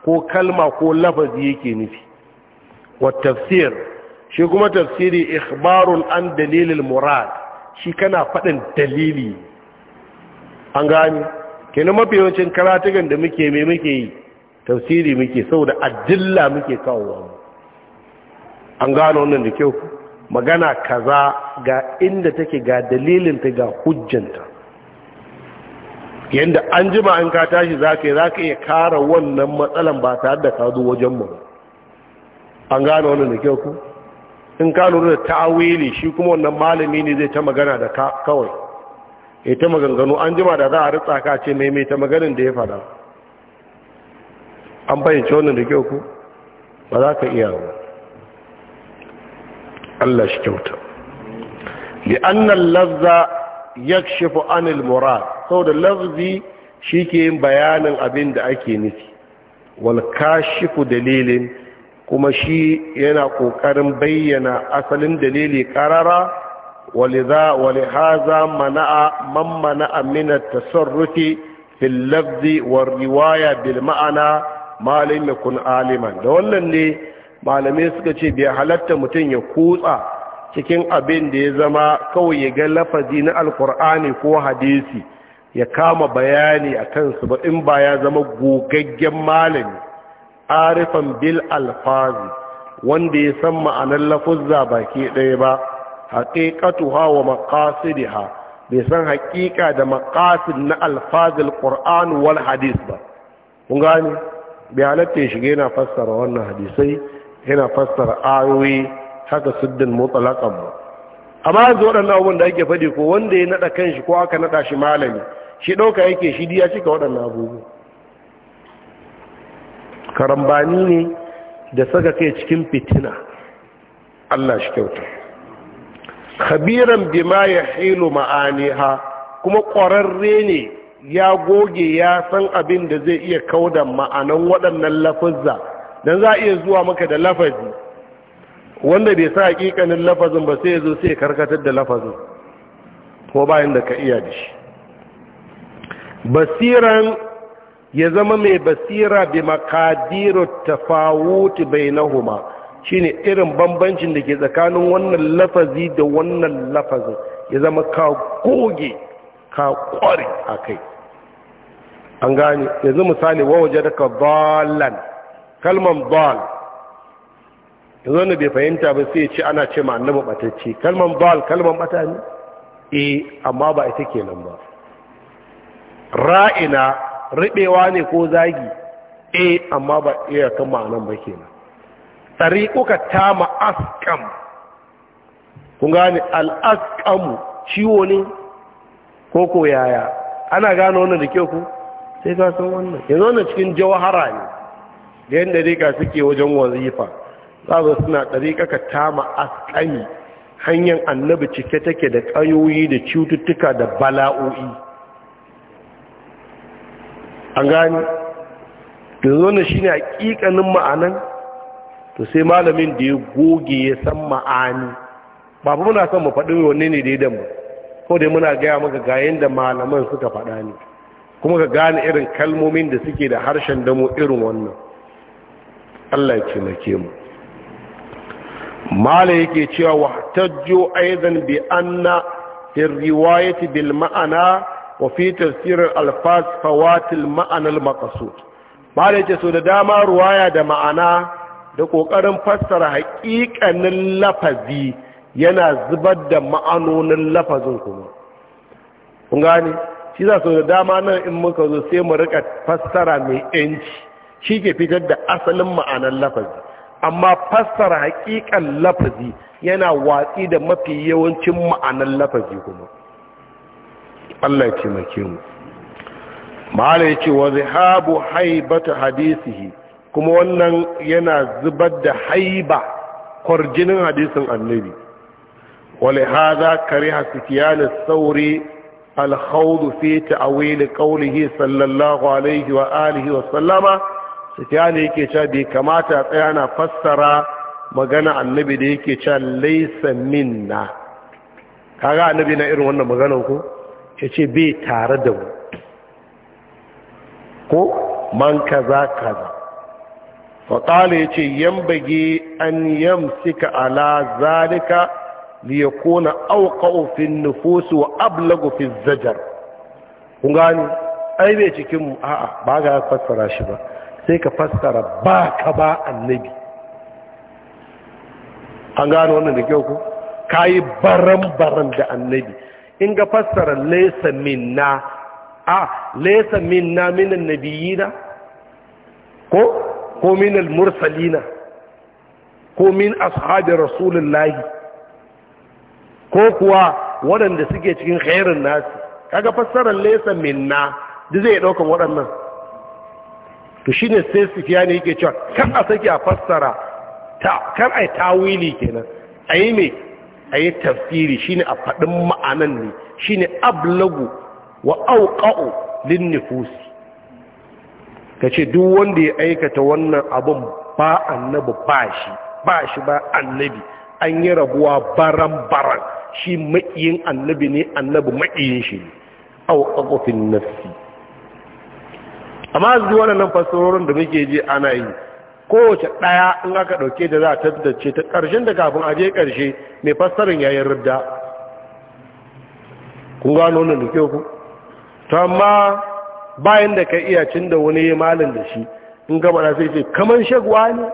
ko kalma ko lafazi yake nufi wa tafsir shi kuma tafsiri ikhbarun an dalilil murad shi kana faɗin dalili an gani kenan mafi yawancin karatukan da muke mai muke yi tafsiri muke saboda adilla muke kawo mu an gano wannan da kyau magana kaza ga inda take ga dalilinta ga hujjanta yadda an jima an ka tashi za ka yi za ka iya kara wannan matsalan ba tare da ka wajen mu. an gano wannan da kyau ku in ka lura da ta'awili shi kuma wannan malami ne zai ta magana da kawai ya ta maganganu an jima da za a ritsa ka ce mai mai ta maganin da ya fada an bayyance wannan da kyau ku ba za ka iya ba Allah shi kyauta li'annan lazza ya shifu anil murad saboda lazzi shi ke yin bayanin abin da ake nufi wal kashifu dalilin kuma shi yana ƙoƙarin bayyana asalin dalili ƙarara waliza haza mana'a man mana'a min tasarrufi fil lafzi wa riwaya bil ma'ana ma lam kun aliman da wannan ne malamai suka ce bai halatta mutum ya kutsa cikin abin da ya zama kawai ya ga lafazi na alkur'ani ko hadisi ya kama bayani a kansu ba in ba ya zama gogaggen malami arifan bil alfazi wanda ya san ma'anar lafuzza baki ɗaya ba hawa hawa ha bai san haƙiƙa da maqasid na alfazil qur'an wal hadis ba kun gane bai halatta ya shiga yana fassara wannan hadisai yana fassara ayoyi haka siddin mutsalakan mu amma yanzu waɗannan abubuwan da ake faɗi ko wanda ya naɗa kanshi ko aka naɗa shi malami shi ɗauka yake shi diya cika waɗannan abubuwa karambani ne da saka kai cikin fitina Allah shi kyauta khabiran bima yahilu ma'aniha kuma ƙwararre ne ya goge ya san abin da zai iya kaudan ma'anan waɗannan lafuzza dan za iya zuwa maka da lafazi wanda bai sa hakikanin lafazin ba sai ya zo sai karkatar da lafazin ko bayan da ka iya da basiran ya zama mai basira bi maqadiru tafawuti bainahuma shine irin bambancin da ke tsakanin wannan lafazi da wannan lafazin ya zama ka goge ka kware akai an gane yanzu misali wa wajadaka ballan kalman bal yanzu wanda bai fahimta ba sai ce ana ce ma annabi batacce kalman bal kalman bata ne eh amma ba ita kenan ba ra'ina ribewa ne ko zagi eh amma ba iya kan ma'anan ba kenan kuka tama askam kun gane al-askamu ciwo ne ko ko yaya ana gano wannan da kyau ku sai ka san wannan yanzu wannan cikin jawahara ne da yan dariƙa suke wajen wazifa za su suna dariƙa ka tama askani hanyar annabi cike take da ƙayoyi da cututtuka da bala'o'i an gani da zonar shi ne ƙiƙanin ma'anan to sai malamin da ya goge ya san ma'ani babu muna son mu faɗi wanne ne da ya damu ko dai muna gaya maka ga yadda malaman suka faɗa ne kuma ka gane irin kalmomin da suke da harshen damo irin wannan Allah ya taimake mu mala yake cewa wa tajjo aidan bi anna fi riwayati bil ma'ana wa fi tafsir al fas al ma'ana al maqsud mala yake so da dama ruwaya da ma'ana da kokarin fassara haƙiƙanin lafazi yana zubar da ma'anonin lafazin kuma kun gane shi za so da dama nan in muka zo sai mu rika fassara mai yanci shi ke fitar da asalin ma'anar lafazi amma fassara haƙiƙan lafazi yana watsi da mafi yawancin ma'anar lafazi kuma Allah ya taimake mu mala ce wa zihabu haibatu hadisihi kuma wannan yana zubar da haiba kwarjinin hadisin annabi ولهذا كره سفيان الثوري الخوض في تأويل sallallahu صلى الله عليه wa وسلم sufiyani yake cewa bai kamata a tsaya na fassara magana annabi da yake cewa laisa minna kaga annabi na irin wannan maganar ku ya ce bai tare da mu ko man kaza kaza faƙala ya ce yan bage an suka ala zalika kona auka fi Nufusu wa ablagu zajar kun ai bai cikin a'a ba ga fassara shi ba sai ka fassara ba ka ba annabi an gano wannan da kyau ku ka yi baran-baran da annabi in ga fassara laisa minna a laisa minna minan nabiyina ko ko minal mursalina ko min ashabi rasulullahi ko kuwa waɗanda suke cikin khairun nasi kaga fassarar laisa minna duk zai ɗaukan waɗannan to shi ne sai ne yake cewa kan a sake a fassara ta kan a yi tawili kenan a yi mai a yi tafsiri shi ne a faɗin ma'anan ne shi ne ablagu wa auƙa'u lin ka ce duk wanda ya aikata wannan abin ba annabi ba shi ba shi ba annabi an yi rabuwa baran-baran shi ma'iyin annabi ne annabi ma'iyin shi ne auƙa'u fin nafsi amma zuwa waɗannan fassarorin da muke ji ana yi kowace ɗaya in aka ɗauke da za a tattace ta ƙarshen da kafin aje ƙarshe mai ya yi rudda kun gano wannan da kyau ku ta amma bayan da ka iya cin da wani ya malin da shi in gaba na sai ce kamar shagwa ne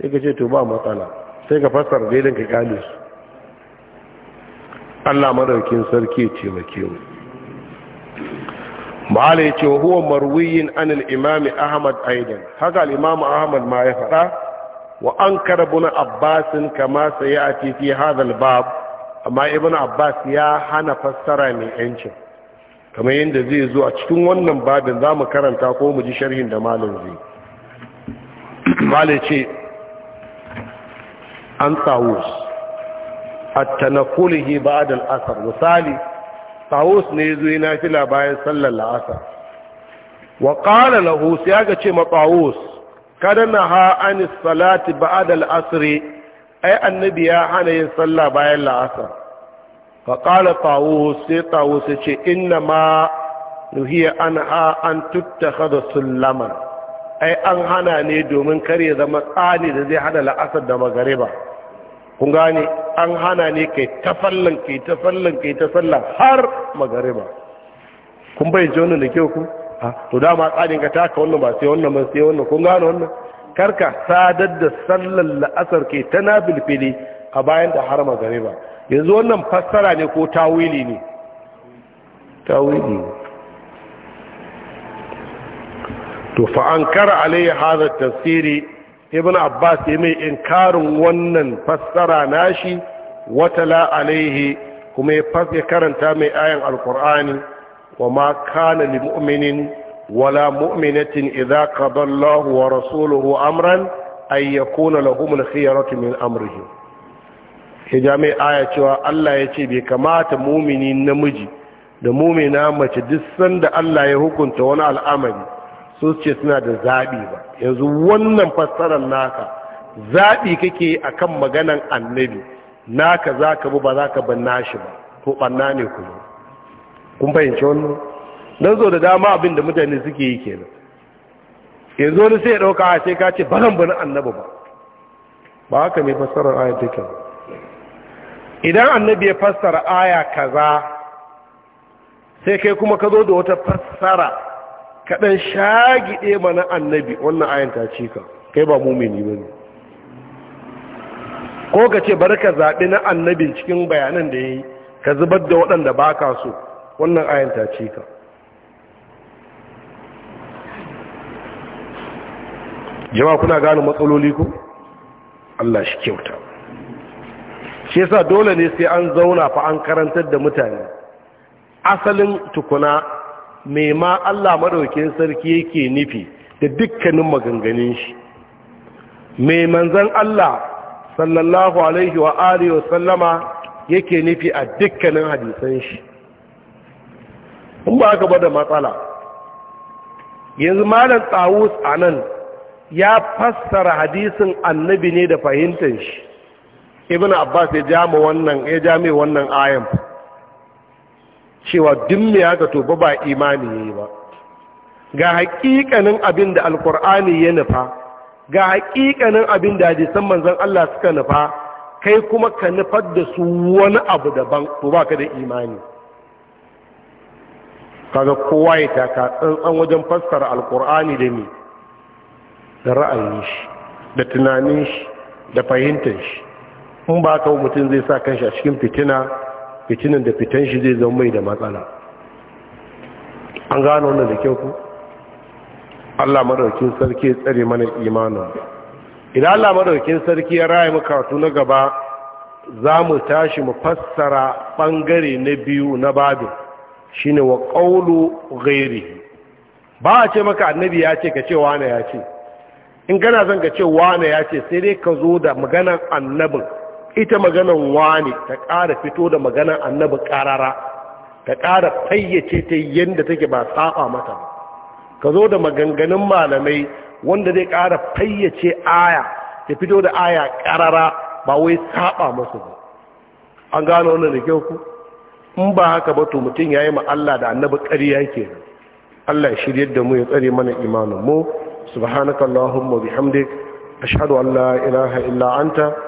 sai ka ce to ba matsala sai ka fassara daidan ka kyale su Allah madaukin sarki ya ce mu mahala ya ce wa huwa marwiyin an imami imam ahmad aidan haka al-imam ahmad ma ya faɗa wa an karbuna abbasin kama sai a fi hadha al-bab amma ibn abbas ya hana fassara mai yancin kamar yadda zai zo a cikin wannan babin za mu karanta ko mu ji sharhin da malam zai malam ce an tsawus a tanakulihi ba da misali tawus ne zo yi nafila bayan sallar la'asa wa ƙala lahu ya ga ce ma kada na ha an salati ba'ad al'asri ai annabi ya hana yin sallah bayan la'asa fa ƙala tawus sai tawus ya ce inna ma nuhiya an ha an da sullaman ai an hana ne domin kar ya zama tsani da zai hada la'asar da magariba kun gane an hana ne kai ta sallan kai ta sallan kai ta sallan har magariba kun bai ji wannan da kyau ku ha to dama tsarin ka taka wannan ba sai wannan ba sai wannan kun gane wannan karka sadar da sallan la'asar kai ta nabil fili a bayan da har magariba yanzu wannan fassara ne ko tawili ne tawili ne to fa ankara alayhi hadha tafsiri ibn abbas ya mai inkarin wannan fassara nashi watala alaihi kuma ya karanta mai ayan alkur'ani wa ma kana li mu'minin wala mu'minatin idza qada wa rasuluhu amran ay yakuna lahum al-khiyaratu min amrihi ke jami aya cewa Allah ya ce bai kamata mumini namiji da mumina mace duk sanda Allah ya hukunta wani al'amari sun ce suna da zaɓi ba yanzu wannan fassarar naka zaɓi kake a kan maganan annabi naka za ka bu ba za ka ban nashi ba ko ɓanna ne kuma kun fahimci wannan don zo da dama abin da mutane suke yi kenan yanzu wani sai ya ɗauka a ah, sai ka ce baran bani annabi ba ba haka ne fassarar aya take idan annabi ya fassara aya kaza sai kai kuma ka zo da wata fassara kaɗan shagiɗe mana annabi wannan ayin ta ce ka kai ba mumini ba ne ko ka ce bari ka zaɓi na annabin cikin bayanan da ya yi ka zubar da waɗanda ba ka so wannan ayin ta ce ka jama kuna gane matsaloli ku Allah shi kyauta shi yasa dole ne sai an zauna fa an karantar da mutane asalin tukuna mai ma Allah madaukin sarki yake nufi da dukkanin maganganun shi mai manzan Allah sallallahu alaihi wa alihi wa sallama yake nufi a dukkanin hadisan shi in ba gaba bada matsala yanzu malam tsawus a nan ya fassara hadisin annabi ne da fahimtar shi ibn abbas ya ja wannan ya wannan cewa duk mai haka to ba ba imani yayi ba ga hakikanin abin da alkur'ani ya nufa ga hakikanin abin da hadisan manzon Allah suka nufa kai kuma ka nufar da su wani abu daban to ka da imani kaga kowa ya taka tsantsan wajen fassara alkur'ani da mi da ra'ayin shi da tunanin shi da fahimtar shi in ba ka mutum zai sa kanshi a cikin fitina Fitinin da fitan shi zai zama mai da matsala an gano wannan da kyau ku Allah madaukin sarki ya tsare mana imanin idan Allah madaukin sarki ya raya mu karatu na gaba za mu tashi mu fassara bangare na biyu na babin shine wa qawlu ghairihi ba a ce maka annabi ya ce ka ce wane ya ce in gana zan ka ce wane ya ce sai dai ka zo da maganar annabin ita maganan wani ta ƙara fito da maganan annabi ƙarara ta ƙara fayyace ta yadda take ba saba mata ka zo da maganganun malamai wanda zai ƙara fayyace aya ta fito da aya ƙarara ba wai saba masu ba an gano wannan da kyau ku in ba haka ba to mutum ya yi ma Allah da annabi ƙarya ke Allah ya shiryar da mu ya tsare mana imanin mu subhanakallahumma bihamdik ashhadu an la ilaha illa anta